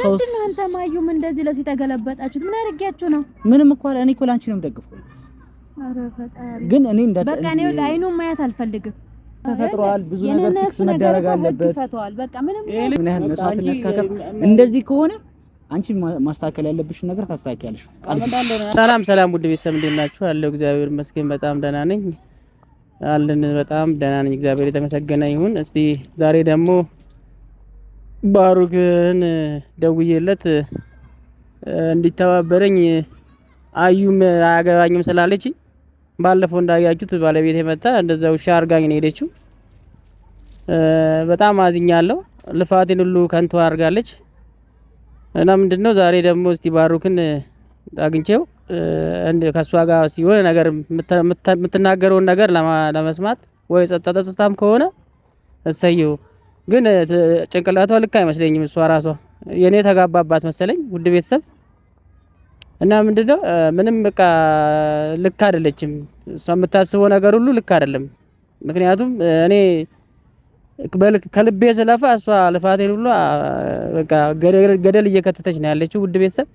ሰውስ እናንተ ማዩም እንደዚህ ለሱ የተገለበጣችሁት ምን አድርጊያችሁ ነው? ምንም እኮ እኔ እኮ ላንቺ ነው የምደግፈው። ግን እኔ እንደ በቃ ነው አይኑ ማየት አልፈልግም። ተፈጥሯል። ብዙ ነገር ፍክስ መደረግ አለበት። ምን ያህል መስዋዕትነት ከከፍ እንደዚህ ከሆነ አንቺ ማስተካከል ያለብሽን ነገር ታስተካክያለሽ። ሰላም ሰላም፣ ውድ ቤተሰብ እንዴት ናችሁ? ያለው እግዚአብሔር ይመስገን በጣም ደህና ነኝ አለን። በጣም ደህና ነኝ። እግዚአብሔር የተመሰገነ ይሁን። እስቲ ዛሬ ደግሞ ባሩክን ደውዬለት እንዲተባበረኝ አዩም አያገባኝም ስላለችኝ ባለፈው እንዳያችሁት ባለቤት የመጣ እንደዛ ውሻ አርጋኝ ነው ሄደችው። በጣም አዝኛለሁ። ልፋቴን ሁሉ ከንቱ አርጋለች እና ነው ዛሬ ደግሞ እስቲ ባሩክን አግኝቼው ከእሷ ጋር ሲሆን ነገር የምትናገረውን ነገር ለመስማት ወይ ጸጥታ ጸጥታም ከሆነ እሰየው ግን ጭንቅላቷ ልክ አይመስለኝም። እሷ ራሷ የኔ ተጋባባት መሰለኝ ውድ ቤተሰብ እና ምንድነው ምንም በቃ ልክ አይደለችም። እሷ የምታስበው ነገር ሁሉ ልክ አይደለም። ምክንያቱም እኔ ከልቤ ስለፋ እሷ ልፋቴን ሁሉ በቃ ገደል እየከተተች ነው ያለችው። ውድ ቤተሰብ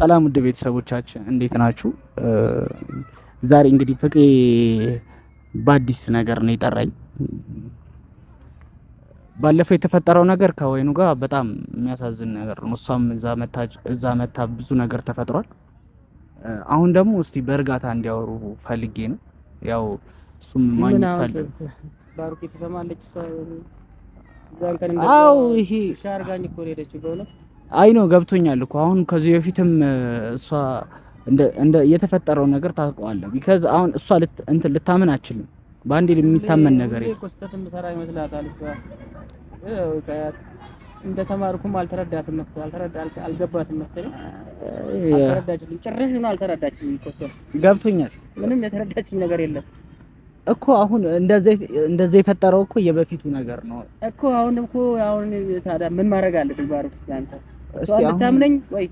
ሰላም፣ ውድ ቤተሰቦቻችን እንዴት ናችሁ? ዛሬ እንግዲህ ፍቄ በአዲስ ነገር ነው የጠራኝ። ባለፈው የተፈጠረው ነገር ከወይኑ ጋር በጣም የሚያሳዝን ነገር ነው። እሷም እዛ መታ ብዙ ነገር ተፈጥሯል። አሁን ደግሞ እስቲ በእርጋታ እንዲያወሩ ፈልጌ ነው። ያው እሱም ማግኘት ፈልጌ ባሩክ የተሰማለች እዛን ቀን ይሄ ሻርጋኝ እኮ ነው አይ ነው ገብቶኛል እኮ አሁን ከዚህ በፊትም እሷ እንደ የተፈጠረው ነገር ታውቀዋለህ። ቢካዝ አሁን እሷ እንትን ልታምን አችልም። በአንዴ የሚታመን ነገር እንደ ተማርኩም አልተረዳትም መሰለኝ፣ አልተረዳት አልገባትም መሰለኝ፣ አልተረዳችልኝ። ጭራሽ ነው አልተረዳችልም። ኮሶ ገብቶኛል። ምንም የተረዳችልኝ ነገር የለም እኮ አሁን እንደዚህ የፈጠረው እኮ የበፊቱ ነገር ነው እኮ አሁን እኮ አሁን ታዲያ ምን ማድረግ አለብኝ ባሩክ? አንተ እሷ ልታምነኝ ወይ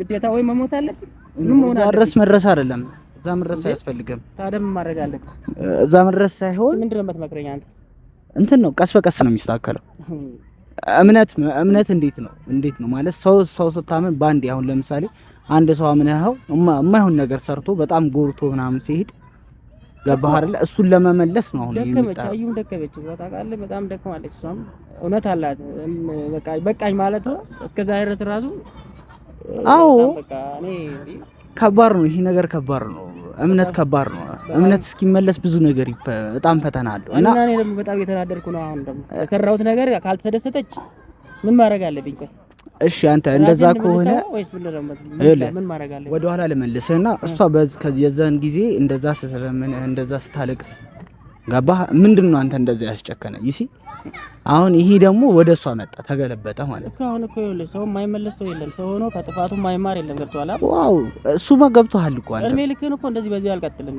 ግዴታ ወይ መሞት አለብን ምንም ሆነ ድረስ መድረስ አይደለም እዛ መድረስ አያስፈልግም። ታደም ማድረግ አለብን እዛ መድረስ ሳይሆን ምንድነው የምትመክረኝ አንተ? እንትን ነው ቀስ በቀስ ነው የሚስተካከለው። እምነት እምነት እንዴት ነው እንዴት ነው ማለት ሰው ሰው ስታምን ባንዴ አሁን ለምሳሌ አንድ ሰው አምነኸው የማይሆን ነገር ሰርቶ በጣም ጎርቶ ምናምን ሲሄድ ገባህ አይደለ? እሱን ለመመለስ ነው አሁን ደከመች፣ አዩም ደከመች፣ ታውቃለህ፣ በጣም ደክማለች። እሷም እውነት አላት በቃኝ ማለት ነው እስከዛ ዛሬ ድረስ ራሱ አዎ ከባድ ነው። ይሄ ነገር ከባድ ነው። እምነት ከባድ ነው። እምነት እስኪመለስ ብዙ ነገር በጣም ፈተና አለው እና እኔ ደግሞ በጣም እየተናደድኩ ነው። አሁን ደግሞ የሰራሁት ነገር ካልተደሰተች ምን ማድረግ አለብኝ? ቆይ እሺ፣ አንተ እንደዛ ከሆነ ወደኋላ ልመልስህና እሷ የዛን ጊዜ እንደዛ ስትለምን እንደዛ ስታለቅስ ገባህ? ምንድን ነው አንተ እንደዚህ ያስጨከነ ይሲ አሁን ይሄ ደግሞ ወደ እሷ መጣ ተገለበጠ ማለት ነው። አሁን እኮ ይኸውልህ ሰው የማይመለስ ሰው የለም። ሰው ሆኖ ከጥፋቱ የማይማር የለም። ገብቶሃል? ዋው እሱማ ገብቶሃል እኮ አንተ እድሜ ልክህን እኮ እንደዚህ በዚህ አልቀጥልም።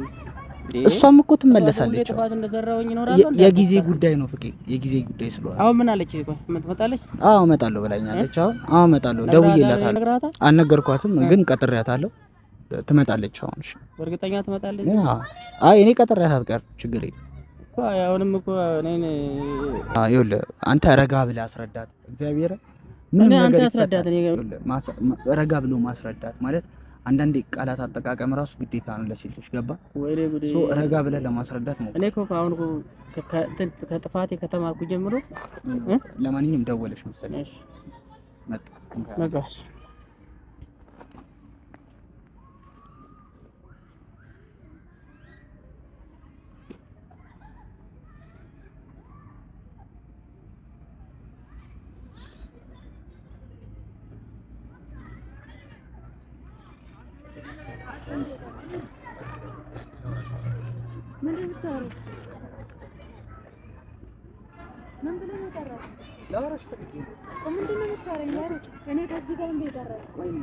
እሷም እኮ ትመለሳለች። የጊዜ ጉዳይ ነው ፍቄ፣ የጊዜ ጉዳይ ስለሆነ አሁን ምን አለች? ትመጣለች? አዎ እመጣለሁ ብላኛለች። አሁን አዎ እመጣለሁ ደውዬላታለሁ። አልነገርኳትም ግን ቀጥሬያታለሁ። ትመጣለች። አሁን እሺ፣ እርግጠኛ ትመጣለች? አይ እኔ ቀጥሬያት አትቀርም። ችግር የለም አሁንም እኮ ይኸውልህ፣ አንተ ረጋ ብለህ አስረዳት። እግዚአብሔር ምን አንተ አስረዳት። ረጋ ብሎ ማስረዳት ማለት አንዳንዴ ቃላት አጠቃቀም ራሱ ግዴታ ነው ለሴት ልጅ ገባ። ረጋ ብለህ ለማስረዳት ነው። እኔ እኮ አሁን ከጥፋቴ ከተማርኩ ጀምሮ ለማንኛውም ደወለች መሰለኝ መጣ ምን ብለህ ነው የጠራኸው? ላወራሽ ፈልጌ ነው። ምንድን ነው የምታወራኝ? እኔ ከዚህ ጋር የጠራኸው ወይኔ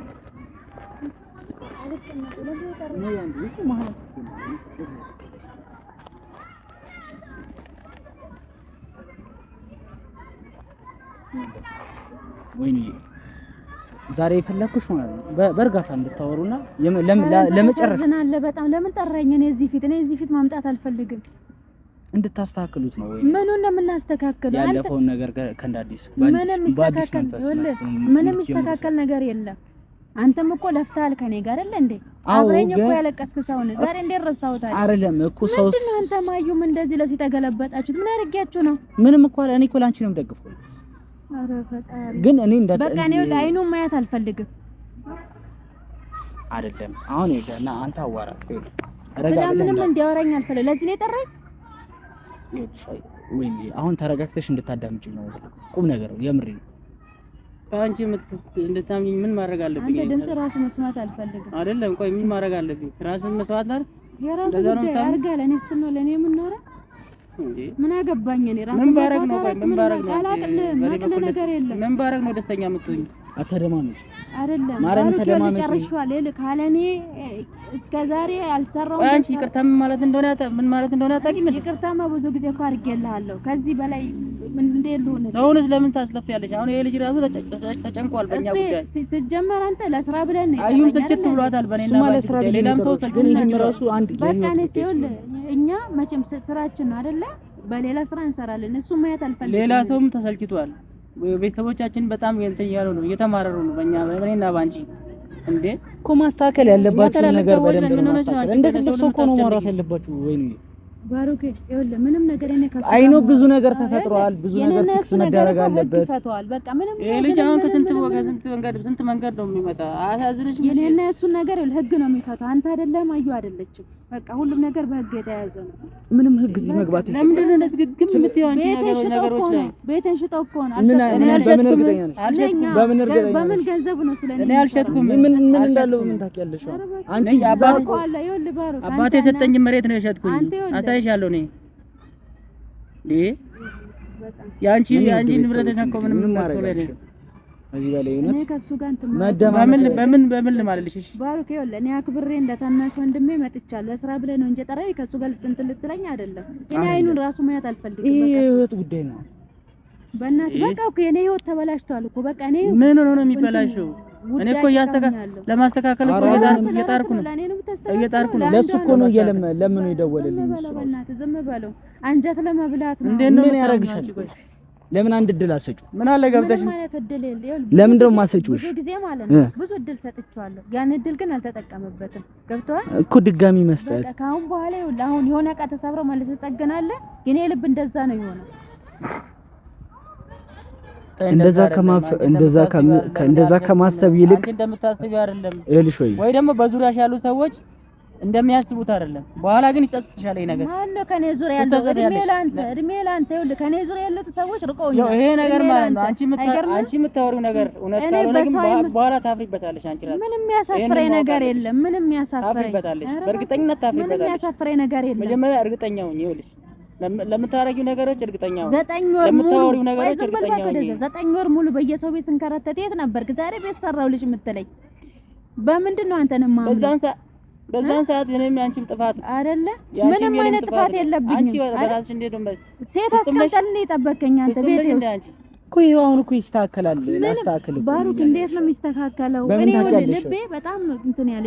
ዛሬ የፈለኩሽ ማለት ነው በእርጋታ እንድታወሩና ለመጨረሻ። በጣም ለምን ጠራኝ? እኔ እዚህ ፊት እኔ እዚህ ፊት ማምጣት አልፈልግም። እንድታስተካክሉት ነው። ምኑን ነው የምናስተካክለው? ያለፈውን ነገር ከእንዳዲስ ምንም ይስተካከል ነገር የለም። አንተም እኮ ለፍተሃል ከኔ ጋር አይደል እንዴ? አብረኝ እኮ ያለቀስክ ሰው ነው። ዛሬ እንዴት ረሳሁታል? አይደለም እኮ ሰው ምንድን አንተ ማዩም እንደዚህ ለሱ የተገለበጣችሁት ምን አድርጊያችሁ ነው? ምንም እኮ እኔ እኮ ላንቺ ነው የምደግፈው። ግን እኔ እንደ በቃ እኔ ላይኑ ማየት አልፈልግም። አይደለም አሁን ይሄ አንተ አዋራ ስለምንም እንዲያወራኝ አልፈልግም። ለዚህ ነው የጠራኝ ወይ አሁን ተረጋግተሽ እንድታዳምጪ ነው። ቁም ነገር የምሪ አንቺ እንድታምኝ ምን ማድረግ አለብኝ? አንተ ድምጽ ራሱ መስማት አልፈልግም። አይደለም ቆይ ምን ማድረግ አለብኝ? ራስን መስማት አይደል? የራሱ አድርጋ ለኔ ስትል ነው ለኔ ምን አገባኝ እኔ ራሱ ምን ባረግ ነው? ቆይ ምን ባረግ ምን ባረግ ነው ደስተኛ የምትሆኝ? አተደማመጭ አይደለም ማረም ተደማመጭ ጨርሻለሁ። ይልቅ ካለኔ እስከ ዛሬ ያልሰራው አንቺ ይቅርታ ምን ማለት እንደሆነ ምን ማለት እንደሆነ አታውቂም። ይቅርታማ ብዙ ጊዜ እኮ አድርጌልሃለሁ። ከዚህ በላይ ምን እንዴት ልሁን? ሰውንስ ለምን ታስለፊያለሽ? አሁን ይሄ ልጅ ራሱ ተጨንቋል በእኛ ጉዳይ። ሲጀመር አንተ ለስራ ብለን ነው አዩም ስልችት ብሏታል። በእኔና ለስራ ሌላም ሰው ግን ይሄም ራሱ አንድ በቃ እኛ መቼም ስራችን ነው አይደለ? በሌላ ስራ እንሰራለን። እሱ ማየት አልፈልግም። ሌላ ሰውም ተሰልችቷል። ቤተሰቦቻችን በጣም እንትን እያሉ ነው፣ እየተማረሩ ነው በእኛ በእኔና ባንቺ። እንዴ እኮ ማስተካከል ያለባችሁ ነገር በደንብ ነው ማስተካከል። እንደ ትልቅ ሰው እኮ ነው ማውራት ያለባችሁ። ወይ ባሩክ ይኸውልህ፣ ምንም ነገር እኔ ከሱ አይኖ ብዙ ነገር ተፈጥሯል። ብዙ ነገር ፊክስ መደረግ አለበት። ተፈጥሯል በቃ ምንም ነገር ልጅ አሁን ከስንት ስንት መንገድ ስንት መንገድ ነው የሚመጣ። አያሳዝንሽም? የኔና የእሱን ነገር ህግ ነው የሚፈታው። አንተ አይደለም አዩ አይደለችም በቃ ሁሉም ነገር በህግ የተያዘ ነው። ምንም ህግ እዚህ መግባት ለምንድን ነው እንደዚህ የምትይው ቤቴን ነው። በምን ገንዘብ ነው? ስለኔ እኔ አልሸጥኩም። ምን ምን እንዳለው ምን ታውቂያለሽ? አንቺ አባቴ የሰጠኝ መሬት ነው የሸጥኩኝ። አሳይሻለሁ እኔ የአንቺ የአንቺ ነው እኮ ምንም ምንም እዚህ በላይ እውነት እኔ ከሱ ጋር እንትን በምን በምን በምን ልማልልሽ? እሺ ባሩክ፣ ይኸውልህ እኔ አክብሬ እንደ ታናሽ ወንድሜ መጥቻለሁ። ለስራ ብለህ ነው እንጂ ጠራኸኝ። ከሱ ጋር ልትንትን ልትለኝ አይደለም። እኔ አይኑን ራሱ ማየት አልፈልግም። ይሄ የህይወት ጉዳይ ነው። በእናትህ በቃ እኮ የኔ ህይወት ተበላሽቷል እኮ በቃ። እኔ ምን ሆኖ ነው የሚበላሽው? እኔ እኮ ለማስተካከል እኮ እየጣርኩ ነው እየጣርኩ ነው። ለሱ እኮ ነው እየለመ ለምን ነው ይደወልልኝ? ዝም በለው አንጀት ለመብላት ነው። ምን ያደርግሻል? ለምን አንድ እድል አሰጩ? ምን አለ ገብተሽ ማለት እድል ለምን ደው ማሰጩሽ? እሺ ጊዜ ማለት ነው ብዙ እድል ሰጥቻለሁ። ያን እድል ግን አልተጠቀመበትም። ገብቷል እኮ ድጋሚ መስጠት ከአሁን በኋላ ይኸውልህ፣ አሁን የሆነ ዕቃ ተሰብሮ ማለት ትጠገናለህ። የኔ ልብ እንደዛ ነው የሆነው። እንደዛ ከማፍ እንደዛ ከማሰብ ይልቅ እንደምታስቢ አይደለም። ይኸውልሽ ወይ ወይ ደግሞ በዙሪያሽ ያሉ ሰዎች እንደሚያስቡት አይደለም። በኋላ ግን ይጸጽትሻል። ይሄ ነገር ማን ነው? ከኔ ዙሪያ ያለው እድሜ ላንተ እድሜ ላንተ። ይኸውልህ ከኔ ዙሪያ ያሉት ሰዎች ርቀውኛል። ይሄ ነገር ማለት ነው አንቺ ምታ አንቺ የምታወሪው ነገር እውነት ካልሆነ ግን በኋላ ታፍሪበታለሽ። አንቺ ራስ ምንም ያሳፍረኝ ነገር የለም። ምንም ታፍሪበታለሽ። በእርግጠኝነት ታፍሪበታለሽ። ምንም ያሳፍረኝ ነገር የለም። መጀመሪያ እርግጠኛ ሁኚ። ይኸውልሽ ለምታረጊው ነገሮች እርግጠኛ ሁኚ። ዘጠኝ ወር ሙሉ ነገሮች እርግጠኛ ሁኚ። ዘጠኝ ወር ሙሉ በየሰው ቤት ስንከረተት የት ነበርክ? ዛሬ ቤት ሰራሁልሽ የምትለኝ በምንድን ነው? አንተንማ በዛን ሰዓት በዛን ሰዓት የኔም ያንቺም ጥፋት አይደለ? ምንም አይነት ጥፋት የለብኝም። አንቺ በራስሽ ሴት አንተ ቤት ውስጥ እንዴት ነው የሚስተካከለው? እኔ ልቤ በጣም ነው እንትን ያለ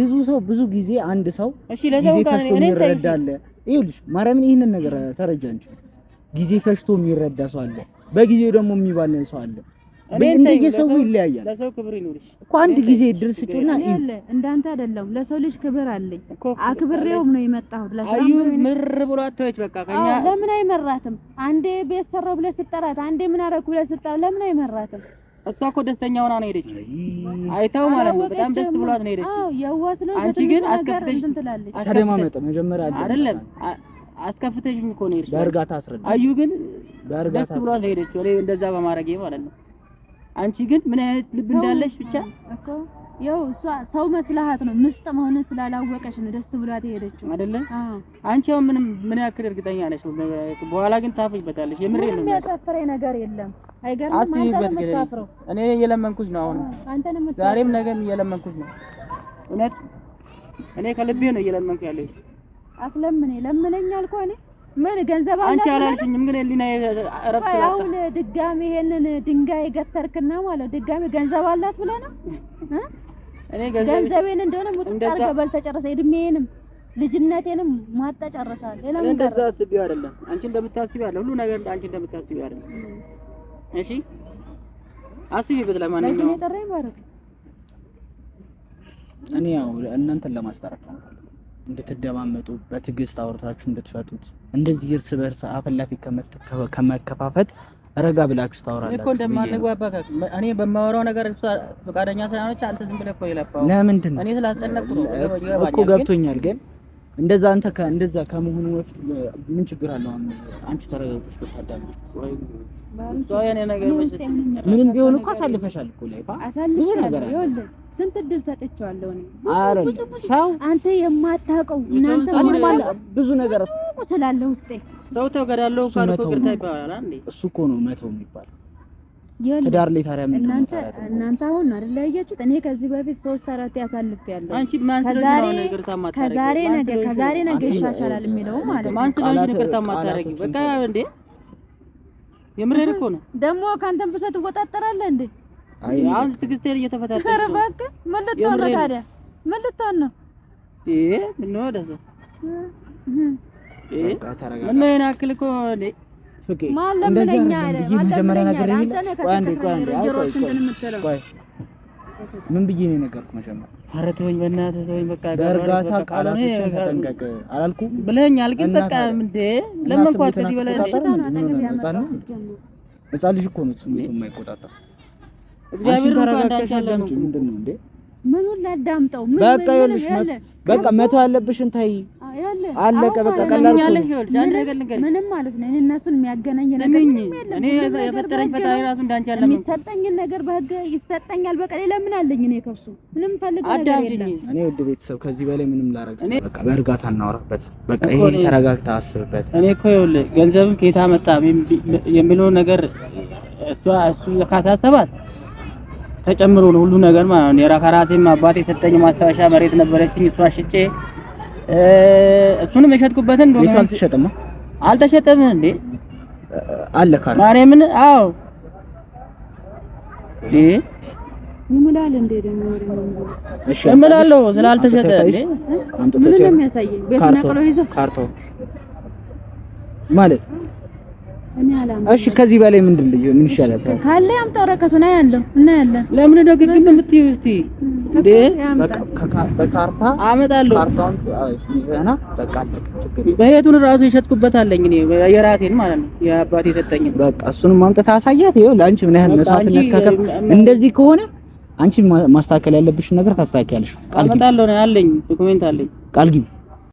ብዙ ሰው ብዙ ጊዜ አንድ ሰው እሺ፣ ለዛው ጋር እኔ ነገር ጊዜ ከሽቶ የሚረዳ ሰው አለ፣ በጊዜው ደግሞ የሚባልን ሰው አለ። እንደየሰው ይለያያል። ለሰው ክብር ይኖርሽ እኮ አንድ ጊዜ እድል ስጪውና እንዳንተ አይደለም። ለሰው ልጅ ክብር አለኝ፣ አክብሬውም ነው የመጣሁት። ለሰው ምር ብሎ አትወጭ። በቃ ከኛ ለምን አይመራትም? አንዴ ቤት ሰራው ብለህ ስጠራት፣ አንዴ ምን አደረኩ ብለህ ስጠራት፣ ለምን አይመራትም? እሷ እኮ ደስተኛ ሆና ነው ሄደችው። አይተው ማለት ነው በጣም ደስ ብሏት ነው ሄደችው። አንቺ ግን አስከፍተሽ ተደማመጠ መጀመሪያ አይደለም አስከፍተሽ እኮ ነው ሄደችው። በእርጋታ አስረዳ። አዩ ግን ደስ ብሏት ነው ሄደችው። እኔ እንደዛ በማድረጌ ማለት ነው አንቺ ግን ምን አይነት ልብ እንዳለሽ ብቻ እኮ ያው እሷ ሰው መስላሃት ነው። ምስጥ መሆንን ስላላወቀሽ ነው ደስ ብሏት የሄደችው አይደለ? አንቺ ያው ምንም ምን ያክል እርግጠኛ ነሽ? በኋላ ግን ታፍሪበታለሽ። የምሬ ነው። የሚያሳፍረኝ ነገር የለም። አይገርም። አንተ እኔ እየለመንኩሽ ነው። አሁን አንተንም ዛሬም ነገም እየለመንኩሽ ነው። እውነት እኔ ከልቤ ነው እየለመንኩ ያለሽ። አትለምኔ ለምነኝ አልኩህ እኔ ምን ገንዘብ አንቺ አላልሽኝም፣ ግን ሊና ረፍ አሁን ድጋሚ ይሄንን ድንጋይ ገተርክና ማለት ድጋሚ ገንዘብ አላት ብለህ ነው? እኔ ገንዘቤን እንደሆነ ምጥጣር ገበል ተጨረሰ። እድሜንም ልጅነቴንም ማጣጨረሳል። ሌላ ምን ገንዘብ አስቢው አይደለም። አንቺ እንደምታስቢው አይደለም። ሁሉ ነገር አንቺ እንደምታስቢው አይደለም። እሺ አስቢበት። ለማንኛውም ለዚህ ነው የጠራኝ ማለት እኔ ያው እናንተን ለማስታረቅ ነው። እንድትደማመጡ በትዕግስት አውርታችሁ እንድትፈቱት እንደዚህ እርስ በእርስ አፈላፊ ከመከፋፈት ረጋ ብላችሁ ታወራላችሁ እኮ እንደማንግባባ እኔ በማወራው ነገር እሱ ፈቃደኛ ሳይሆነች አንተ ዝም ብለህ እኮ የለፋው ለምንድን ነው እኔ ስላስጨነቅኩ ነው እኮ ገብቶኛል ግን እንደዛ አንተ እንደዛ ከመሆኑ በፊት ምን ችግር አለው? አንቺ ተረጋግጥሽ ብታዳምጪ ምንም ቢሆን እኮ አሳልፈሻል እኮ ላይ ብዙ ነገር አለ። ስንት ድል ሰጥቼዋለሁ እኔ ሰው አንተ የማታውቀው እናንተ ብዙ ነገር ስላለ ውስጤ ሰው ተገዳለው ካልኩ ግርታ ይባላል። እሱ እኮ ነው መተው የሚባለው ትዳር ላይ ታዲያ ምን እናንተ እናንተ አሁን አይደል ያያችሁት? እኔ ከዚህ በፊት ሶስት አራት ያሳልፍ ያለው አንቺ ማን ስለዚህ ነው ነገር ታማታረጊ? ከዛሬ ነገ ከዛሬ ነገ ይሻሻላል የሚለው ማለት ነው። ማን ስለዚህ ነገር ታማታረጊ? በቃ እንዴ የምሬን እኮ ነው። ደግሞ ከአንተም ብሰ ትወጣጠራለህ እንዴ? አይ አሁን ትዕግስቴን እየተፈታተሽ ነው። እባክህ ምን ልትሆን ነው ታዲያ? ምን ልትሆን ነው? ይሄ ምን ነው ደስ እ እ ምን ነው ያክል እኮ እንዴ ፍቄ እንደዚህ መጀመሪያ ነገር ምን ብዬ ነው የነገርኩህ? መጀመሪያ ኧረ ተወኝ፣ በእናትህ ተወኝ። በቃ በእርጋታ ቃላቶችን ተጠንቀቅ አላልኩም ብለኸኛል። ግን በቃ እንደ ለመንኳት ከዚህ በላይ ህፃን ልጅ እኮ ነው ስሜቱ የማይቆጣጠር። አንቺን ተረጋግተሽ ምንድን ነው እንዴ ምኑን ላዳምጠው? ምን በቃ ይኸውልሽ፣ በቃ መተው ያለብሽን እንታይ አለቀ። በቃ ቀላል ምንም ማለት ነው። እኔ እነሱን የሚያገናኝ ነገር እኔ የፈጠረኝ ፈጣሪ ራሱ እንዳንቺ ያለ የሚሰጠኝ ነገር በህግ ይሰጠኛል። በቃ ሌላ ምን አለኝ እኔ ከሱ ምንም ፈልግ ነገር የለም። እኔ ውድ ቤተሰብ ከዚህ በላይ ምንም ላረግ በቃ በእርጋታ እናወራበት። በቃ ይሄን ተረጋግታ አስብበት። እኔ እኮ ይኸውልህ ገንዘብን ከየት መጣ የሚለው ነገር እሷ እሱ ካሳሰባት ተጨምሮ ነው ሁሉ ነገር ማለት ነው። ከራሴም አባት የሰጠኝ ማስታወሻ መሬት ነበረችኝ፣ እሷ ሽጬ እሱንም የሸጥኩበትን እንደሆነ ቤቱ አልተሸጠም። አልተሸጠም እንዴ አለ ካለ ማርያምን። አዎ እ እንዴ እሺ እምላለሁ። ስላልተሸጠ እንዴ ቤት ይዘው ማለት እሺ ከዚህ በላይ ምንድን ልዩ ምን ይሻላል ካለ ያምጣ ነው ያለው እና ያለ ለምን ደግግ የምትይው እስቲ እንዴ በካርታ አመጣለሁ ካርታውን ይዘና በቃ በየቱን ራሱ ይሸጥኩበት አለኝ እኔ የራሴን ማለት ነው የአባቴ የሰጠኝ በቃ እሱን ማምጣት አሳያት ይኸው ለአንቺ ምን ያህል መስዋዕትነት ከከፍ እንደዚህ ከሆነ አንቺ ማስተካከል ያለብሽን ነገር ታስተካክያለሽ ቃል ግቢ አመጣለሁ ነው ያለኝ ዶክመንት አለኝ ቃል ግቢ